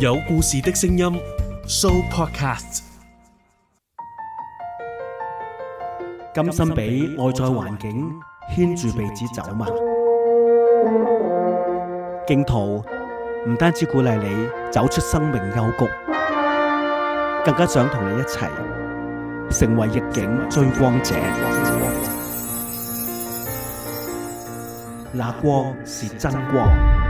有故事的聲音，So Podcast。甘心俾外在環境牽住鼻子走嘛？荊徒唔單止鼓勵你走出生命幽谷，更加想同你一齊成為逆境追光者。那光是真光。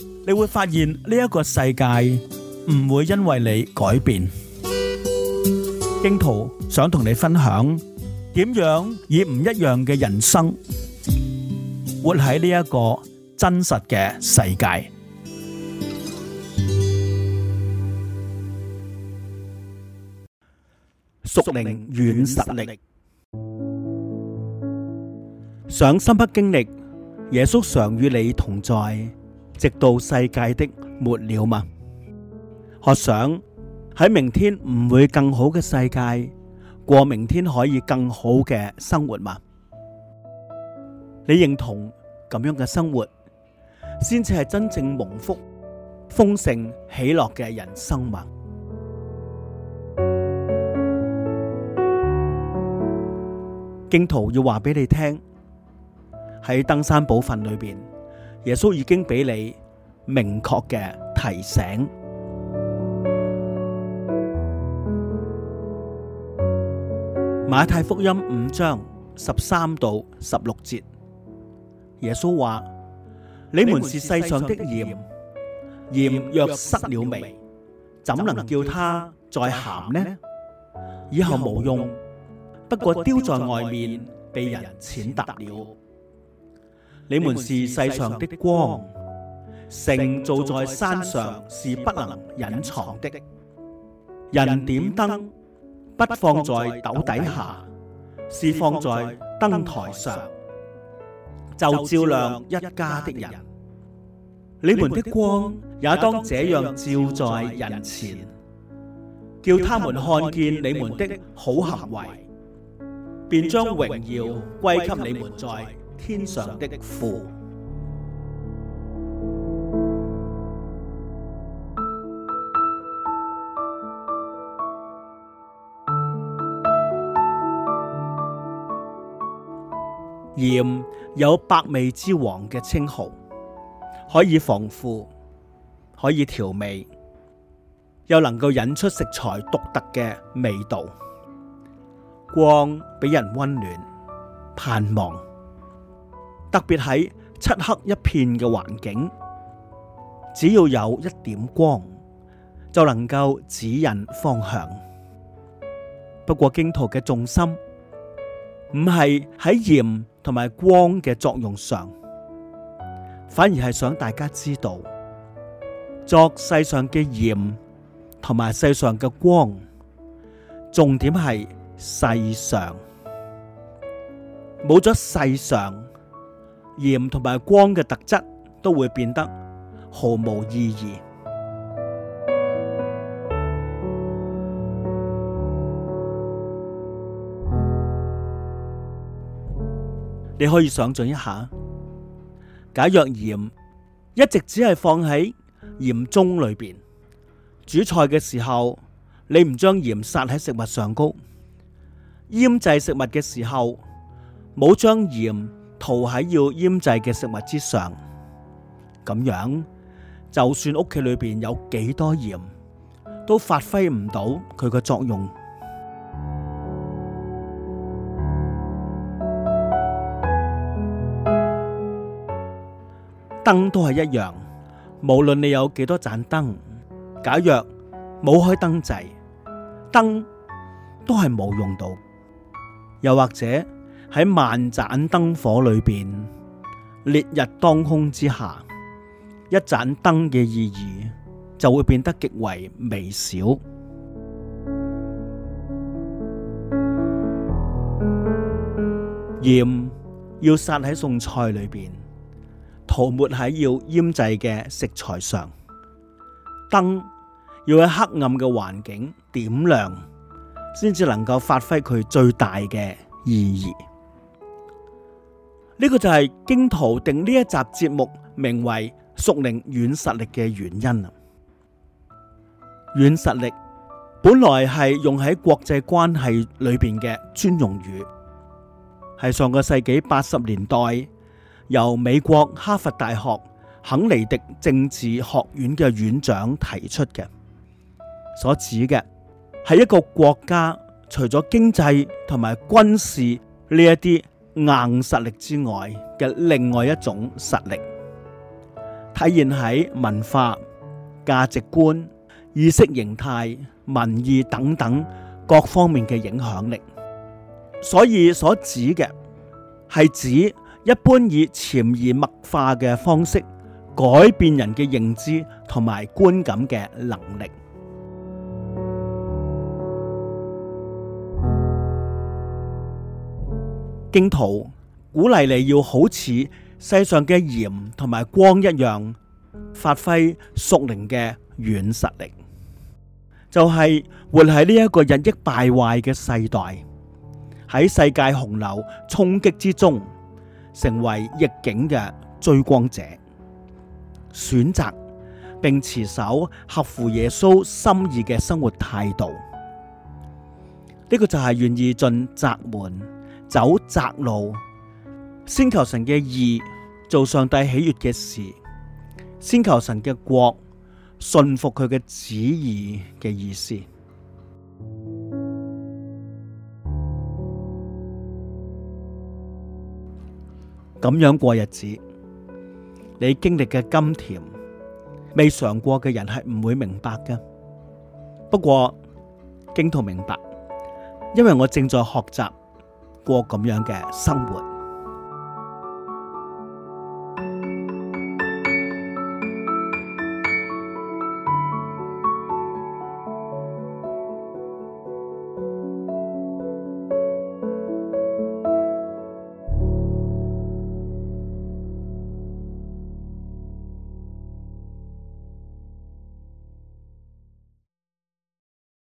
你會發現呢一個世界唔會因為你改變。荊徒想同你分享點樣以唔一樣嘅人生活喺呢一個真實嘅世界。屬靈軟實力，想深刻經歷，耶穌常與你同在。直到世界的末了嘛？可想喺明天唔會更好嘅世界，過明天可以更好嘅生活嘛？你認同咁樣嘅生活，先至係真正蒙福、豐盛、喜樂嘅人生嘛？經途要話俾你聽喺登山寶訓裏邊。耶穌已經俾你明確嘅提醒，《馬太福音》五章十三到十六節，耶穌話：你們是世上的鹽，鹽若失了味，怎能叫它再鹹呢？以後冇用，不過丟在外面，被人踐踏了。你們是世上的光，城造在山上是不能隱藏的。人點燈不放在斗底下，是放在燈臺上，就照亮一家的人。你們的光也當這樣照在人前，叫他們看見你們的好行為，便將榮耀歸給你們在天上的父。鹽有百味之王嘅稱號，可以防腐，可以調味，又能夠引出食材獨特嘅味道。光俾人溫暖，盼望。特別喺漆黑一片嘅環境，只要有一點光，就能夠指引方向。不過，荊徒嘅重心唔係喺鹽同埋光嘅作用上，反而係想大家知道作世上嘅鹽同埋世上嘅光，重點係世上冇咗世上。鹽同埋光嘅特質都會變得毫無意義。你可以想象一下，假若鹽一直只係放喺鹽盅裏邊，煮菜嘅時候你唔將鹽撒喺食物上高，醃製食物嘅時候冇將鹽，塗喺要醃製嘅食物之上，咁樣就算屋企裏邊有幾多鹽，都發揮唔到佢嘅作用。燈都係一樣，無論你有幾多盞燈，假若冇開燈掣，燈都係冇用到。又或者，喺萬盞燈火裏邊，烈日當空之下，一盞燈嘅意義就會變得極為微小。鹽要撒喺餸菜裏邊，塗抹喺要醃製嘅食材上；燈要喺黑暗嘅環境點亮，先至能夠發揮佢最大嘅意義。呢個就係荊徒定呢一集節目名為《屬靈軟實力》嘅原因啦。軟實力本來係用喺國際關係裏邊嘅專用語，係上個世紀八十年代由美國哈佛大學肯尼迪政治學院嘅院長提出嘅，所指嘅係一個國家除咗經濟同埋軍事呢一啲。硬實力之外嘅另外一種實力，體現喺文化、價值觀、意識形態、民意等等各方面嘅影響力。所以所指嘅，係指一般以潛移默化嘅方式，改變人嘅認知同埋觀感嘅能力。荊徒鼓勵你要好似世上嘅鹽同埋光一樣，發揮屬靈嘅軟實力，就係、是、活喺呢一個日益敗壞嘅世代，喺世界洪流衝擊之中，成為逆境嘅追光者，選擇並持守合乎耶穌心意嘅生活態度。呢、這個就係願意進窄門。走窄路，先求神嘅義，做上帝喜悅嘅事，先求神嘅國，信服佢嘅旨意嘅意思。咁樣過日子，你經歷嘅甘甜，未嘗過嘅人係唔會明白嘅。不過，荊徒明白，因為我正在學習。過咁樣嘅生活。